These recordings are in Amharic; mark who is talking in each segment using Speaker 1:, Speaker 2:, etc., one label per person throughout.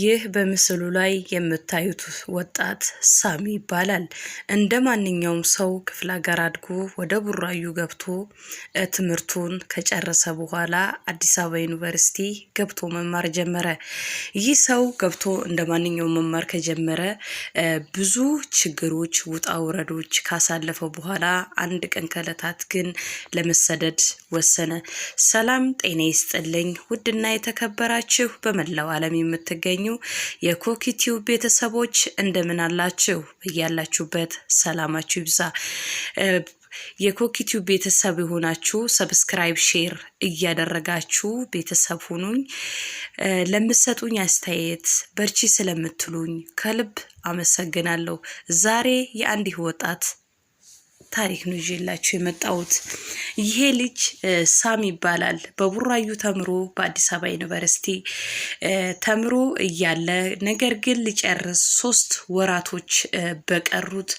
Speaker 1: ይህ በምስሉ ላይ የምታዩት ወጣት ሳሚ ይባላል። እንደ ማንኛውም ሰው ክፍለ ሀገር አድጎ ወደ ቡራዩ ገብቶ ትምህርቱን ከጨረሰ በኋላ አዲስ አበባ ዩኒቨርሲቲ ገብቶ መማር ጀመረ። ይህ ሰው ገብቶ እንደ ማንኛውም መማር ከጀመረ ብዙ ችግሮች፣ ውጣ ውረዶች ካሳለፈ በኋላ አንድ ቀን ከዕለታት ግን ለመሰደድ ወሰነ። ሰላም ጤና ይስጥልኝ ውድና የተከበራችሁ በመላው ዓለም የምትገኝ የምትገኙ የኮክቲው ቤተሰቦች እንደምን አላችሁ? እያላችሁበት ሰላማችሁ ይብዛ። የኮክቲው ቤተሰብ የሆናችሁ ሰብስክራይብ፣ ሼር እያደረጋችሁ ቤተሰብ ሁኑኝ። ለምትሰጡኝ አስተያየት በርቺ ስለምትሉኝ ከልብ አመሰግናለሁ። ዛሬ የአንዲህ ወጣት ታሪክ ነው ይዤላችሁ የመጣሁት። ይሄ ልጅ ሳም ይባላል። በቡራዩ ተምሮ በአዲስ አበባ ዩኒቨርሲቲ ተምሮ እያለ ነገር ግን ሊጨርስ ሶስት ወራቶች በቀሩት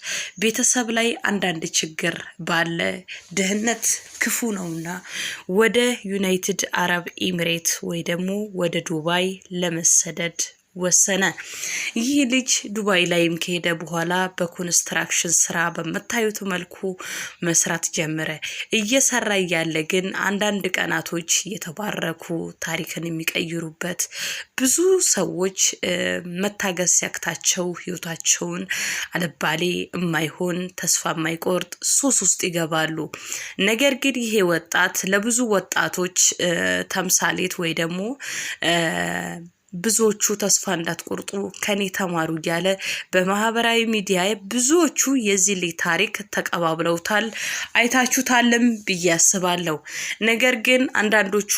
Speaker 1: ቤተሰብ ላይ አንዳንድ ችግር ባለ ድህነት ክፉ ነውና ወደ ዩናይትድ አረብ ኢሚሬት ወይ ደግሞ ወደ ዱባይ ለመሰደድ ወሰነ። ይህ ልጅ ዱባይ ላይም ከሄደ በኋላ በኮንስትራክሽን ስራ በምታዩት መልኩ መስራት ጀመረ። እየሰራ እያለ ግን አንዳንድ ቀናቶች የተባረኩ ታሪክን የሚቀይሩበት ብዙ ሰዎች መታገስ ሲያቅታቸው ህይወታቸውን አልባሌ የማይሆን ተስፋ የማይቆርጥ ሱስ ውስጥ ይገባሉ። ነገር ግን ይሄ ወጣት ለብዙ ወጣቶች ተምሳሌት ወይ ደግሞ ብዙዎቹ ተስፋ እንዳትቆርጡ ከኔ ተማሩ እያለ በማህበራዊ ሚዲያ ብዙዎቹ የዚህ ልጅ ታሪክ ተቀባብለውታል፣ አይታችሁታልም ብዬ አስባለሁ። ነገር ግን አንዳንዶቹ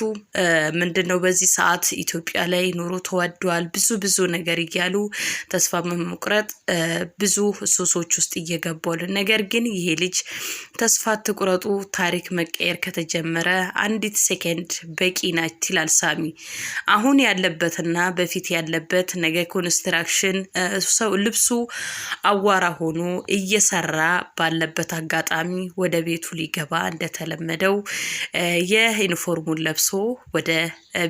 Speaker 1: ምንድን ነው በዚህ ሰዓት ኢትዮጵያ ላይ ኑሮ ተወዷል፣ ብዙ ብዙ ነገር እያሉ ተስፋ በመቁረጥ ብዙ ሱሶች ውስጥ እየገባሉ። ነገር ግን ይሄ ልጅ ተስፋ ትቁረጡ ታሪክ መቀየር ከተጀመረ አንዲት ሴኬንድ በቂ ናት ይላል ሳሚ አሁን ያለበትና በፊት ያለበት ነገ ኮንስትራክሽን ሰው ልብሱ አዋራ ሆኖ እየሰራ ባለበት አጋጣሚ ወደ ቤቱ ሊገባ እንደተለመደው የዩኒፎርሙን ለብሶ ወደ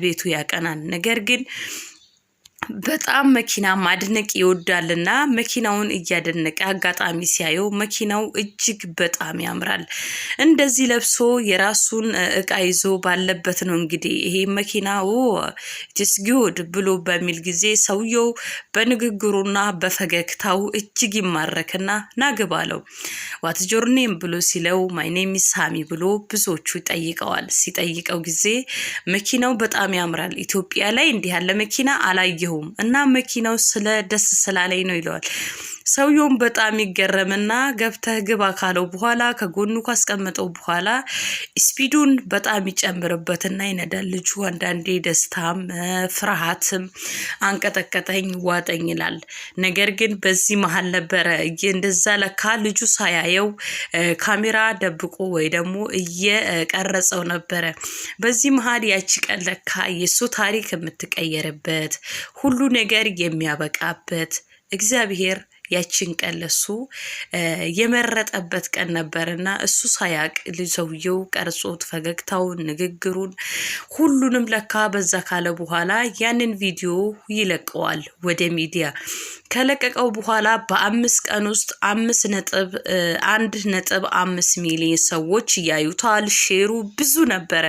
Speaker 1: ቤቱ ያቀናል። ነገር ግን በጣም መኪና ማድነቅ ይወዳልና መኪናውን እያደነቀ አጋጣሚ ሲያየው መኪናው እጅግ በጣም ያምራል። እንደዚህ ለብሶ የራሱን እቃ ይዞ ባለበት ነው እንግዲህ ይሄ መኪና ኢትስ ጉድ ብሎ በሚል ጊዜ ሰውየው በንግግሩና በፈገግታው እጅግ ይማረክና ናግባለው ዋት ጆርኔም ብሎ ሲለው ማይኔም ሳሚ ብሎ ብዙዎቹ ይጠይቀዋል። ሲጠይቀው ጊዜ መኪናው በጣም ያምራል፣ ኢትዮጵያ ላይ እንዲህ ያለ መኪና አላየሁ አልገቡም እና መኪናው ስለ ደስ ስላለኝ ነው ይለዋል። ሰውየውም በጣም ይገረምና ገብተህ ግባ ካለው በኋላ ከጎኑ ካስቀመጠው በኋላ ስፒዱን በጣም ይጨምርበትና ይነዳል። ልጁ አንዳንዴ ደስታም ፍርሃትም አንቀጠቀጠኝ ዋጠኝ ይላል። ነገር ግን በዚህ መሀል ነበረ እንደዛ ለካ ልጁ ሳያየው ካሜራ ደብቆ ወይ ደግሞ እየቀረጸው ነበረ። በዚህ መሀል ያቺ ቀን ለካ የእሱ ታሪክ የምትቀየርበት ሁሉ ነገር የሚያበቃበት እግዚአብሔር ያችን ቀን ለሱ የመረጠበት ቀን ነበርና እሱ ሳያቅ ልጅ ሰውየው ቀርጾት ፈገግታውን፣ ንግግሩን ሁሉንም ለካ በዛ ካለ በኋላ ያንን ቪዲዮ ይለቀዋል ወደ ሚዲያ። ከለቀቀው በኋላ በአምስት ቀን ውስጥ አምስት ነጥብ አንድ ነጥብ አምስት ሚሊዮን ሰዎች እያዩታል። ሼሩ ብዙ ነበረ።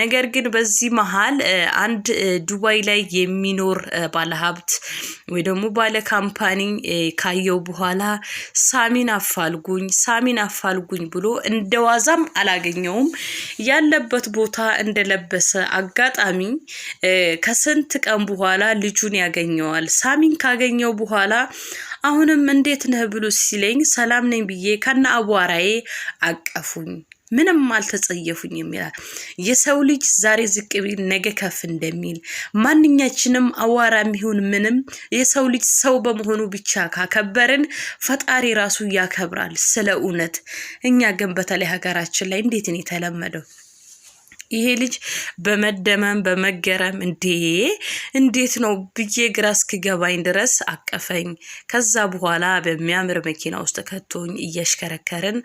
Speaker 1: ነገር ግን በዚህ መሀል አንድ ዱባይ ላይ የሚኖር ባለሀብት ወይ ደግሞ ባለ ካምፓኒ ካየው በኋላ ሳሚን አፋልጉኝ ሳሚን አፋልጉኝ ብሎ እንደ ዋዛም አላገኘውም። ያለበት ቦታ እንደለበሰ አጋጣሚ ከስንት ቀን በኋላ ልጁን ያገኘዋል። ሳሚን ካገኘው በኋላ አሁንም እንዴት ነህ ብሎ ሲለኝ ሰላም ነኝ ብዬ ከነ አቧራዬ አቀፉኝ። ምንም አልተጸየፉኝም ይላል። የሰው ልጅ ዛሬ ዝቅ ቢል ነገ ከፍ እንደሚል ማንኛችንም አዋራ የሚሆን ምንም የሰው ልጅ ሰው በመሆኑ ብቻ ካከበርን ፈጣሪ ራሱ ያከብራል። ስለ እውነት እኛ ግን በተለይ ሀገራችን ላይ እንዴት ነው የተለመደው? ይሄ ልጅ በመደመም በመገረም እንዴ እንዴት ነው ብዬ ግራ እስክገባኝ ድረስ አቀፈኝ። ከዛ በኋላ በሚያምር መኪና ውስጥ ከቶኝ እያሽከረከርን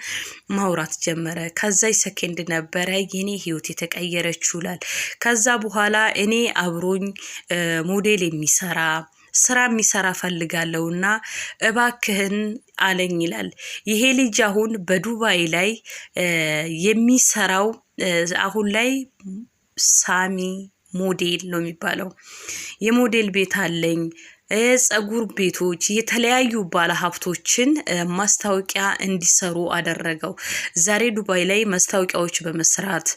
Speaker 1: ማውራት ጀመረ። ከዛ ሰኬንድ ነበረ የኔ ህይወት የተቀየረችው ይላል። ከዛ በኋላ እኔ አብሮኝ ሞዴል የሚሰራ ስራ የሚሰራ ፈልጋለሁና እባክህን አለኝ ይላል። ይሄ ልጅ አሁን በዱባይ ላይ የሚሰራው አሁን ላይ ሳሚ ሞዴል ነው የሚባለው የሞዴል ቤት አለኝ ጸጉር ቤቶች፣ የተለያዩ ባለሀብቶችን ማስታወቂያ እንዲሰሩ አደረገው። ዛሬ ዱባይ ላይ ማስታወቂያዎች በመስራት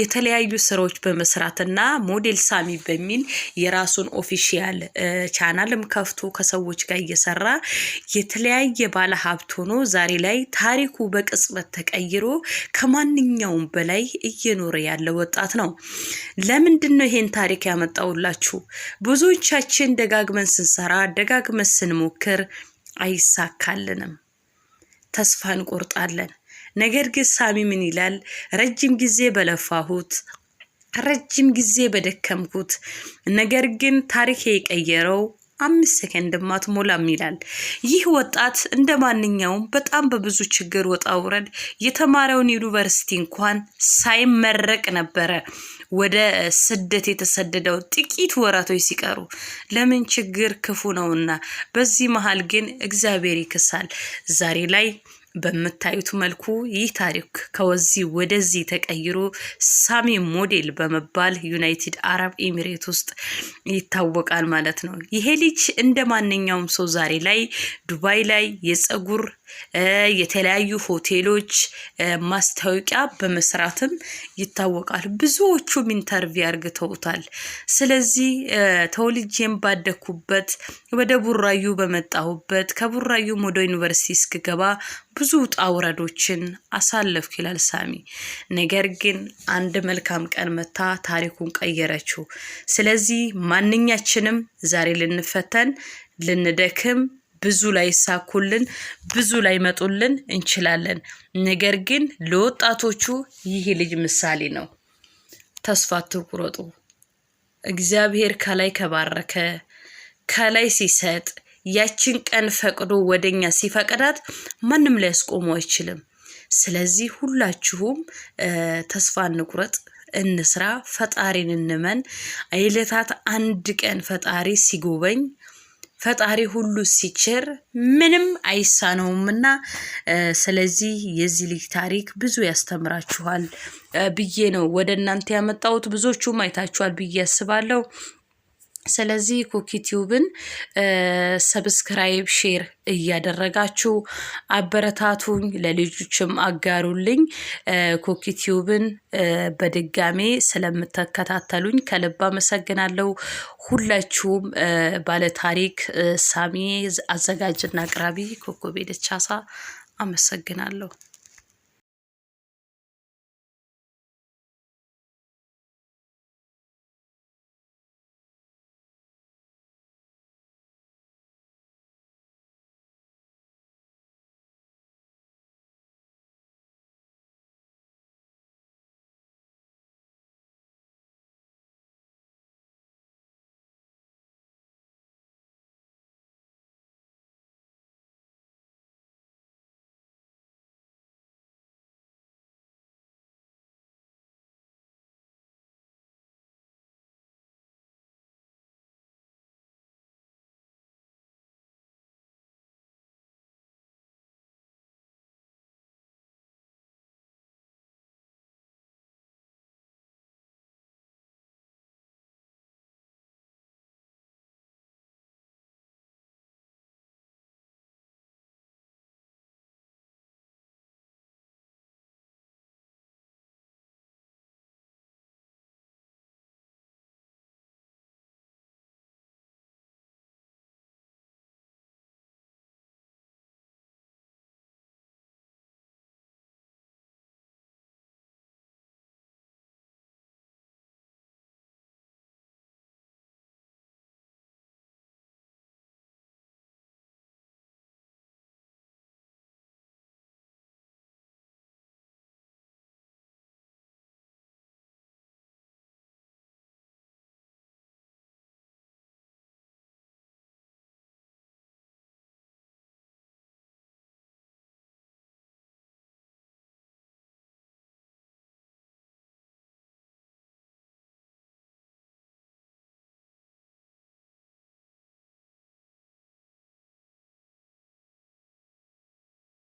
Speaker 1: የተለያዩ ስራዎች በመስራት እና ሞዴል ሳሚ በሚል የራሱን ኦፊሽያል ቻናልም ከፍቶ ከሰዎች ጋር እየሰራ የተለያየ ባለ ሀብት ሆኖ ዛሬ ላይ ታሪኩ በቅጽበት ተቀይሮ ከማንኛውም በላይ እየኖረ ያለ ወጣት ነው። ለምንድን ነው ይሄን ታሪክ ያመጣውላችሁ? ብዙዎቻችን ደጋግመን ስን ስንሰራ ደጋግመን ስንሞክር አይሳካልንም፣ ተስፋ እንቆርጣለን። ነገር ግን ሳሚ ምን ይላል? ረጅም ጊዜ በለፋሁት ረጅም ጊዜ በደከምኩት፣ ነገር ግን ታሪክ የቀየረው አምስት ሰከንድ አትሞላም ይላል። ይህ ወጣት እንደ ማንኛውም በጣም በብዙ ችግር ወጣ ውረድ የተማረውን ዩኒቨርሲቲ እንኳን ሳይመረቅ ነበረ ወደ ስደት የተሰደደው ጥቂት ወራቶች ሲቀሩ ለምን ችግር ክፉ ነውና፣ በዚህ መሀል ግን እግዚአብሔር ይክሳል። ዛሬ ላይ በምታዩት መልኩ ይህ ታሪክ ከወዚህ ወደዚህ ተቀይሮ ሳሚ ሞዴል በመባል ዩናይትድ አረብ ኤሚሬት ውስጥ ይታወቃል ማለት ነው። ይሄ ልጅ እንደ ማንኛውም ሰው ዛሬ ላይ ዱባይ ላይ የፀጉር የተለያዩ ሆቴሎች ማስታወቂያ በመስራትም ይታወቃል። ብዙዎቹም ኢንተርቪው አርግተውታል። ስለዚህ ተወልጄም ባደኩበት ወደ ቡራዩ በመጣሁበት ከቡራዩም ወደ ዩኒቨርሲቲ እስክገባ ብዙ ውጣ ውረዶችን አሳለፍኩ ይላል ሳሚ። ነገር ግን አንድ መልካም ቀን መታ ታሪኩን ቀየረችው። ስለዚህ ማንኛችንም ዛሬ ልንፈተን ልንደክም ብዙ ላይ ይሳኩልን፣ ብዙ ላይ መጡልን እንችላለን። ነገር ግን ለወጣቶቹ ይህ ልጅ ምሳሌ ነው። ተስፋ አትቁረጡ። እግዚአብሔር ከላይ ከባረከ ከላይ ሲሰጥ ያችን ቀን ፈቅዶ ወደኛ ሲፈቅዳት ማንም ሊያስቆሙ አይችልም። ስለዚህ ሁላችሁም ተስፋ እንቁረጥ፣ እንስራ፣ ፈጣሪን እንመን። አይለታት አንድ ቀን ፈጣሪ ሲጎበኝ ፈጣሪ ሁሉ ሲችር ምንም አይሳነውምና ስለዚህ የዚህ ልጅ ታሪክ ብዙ ያስተምራችኋል ብዬ ነው ወደ እናንተ ያመጣሁት። ብዙዎቹም አይታችኋል ብዬ አስባለሁ። ስለዚህ ኩኪ ሰብስክራይብ፣ ሼር እያደረጋችሁ አበረታቱኝ፣ ለልጆችም አጋሩልኝ። ኩኪ በድጋሜ ስለምትከታተሉኝ ከልብ አመሰግናለሁ። ሁላችሁም ባለታሪክ ሳሚ፣ አዘጋጅና አቅራቢ ኮኮቤ ደቻሳ አመሰግናለሁ።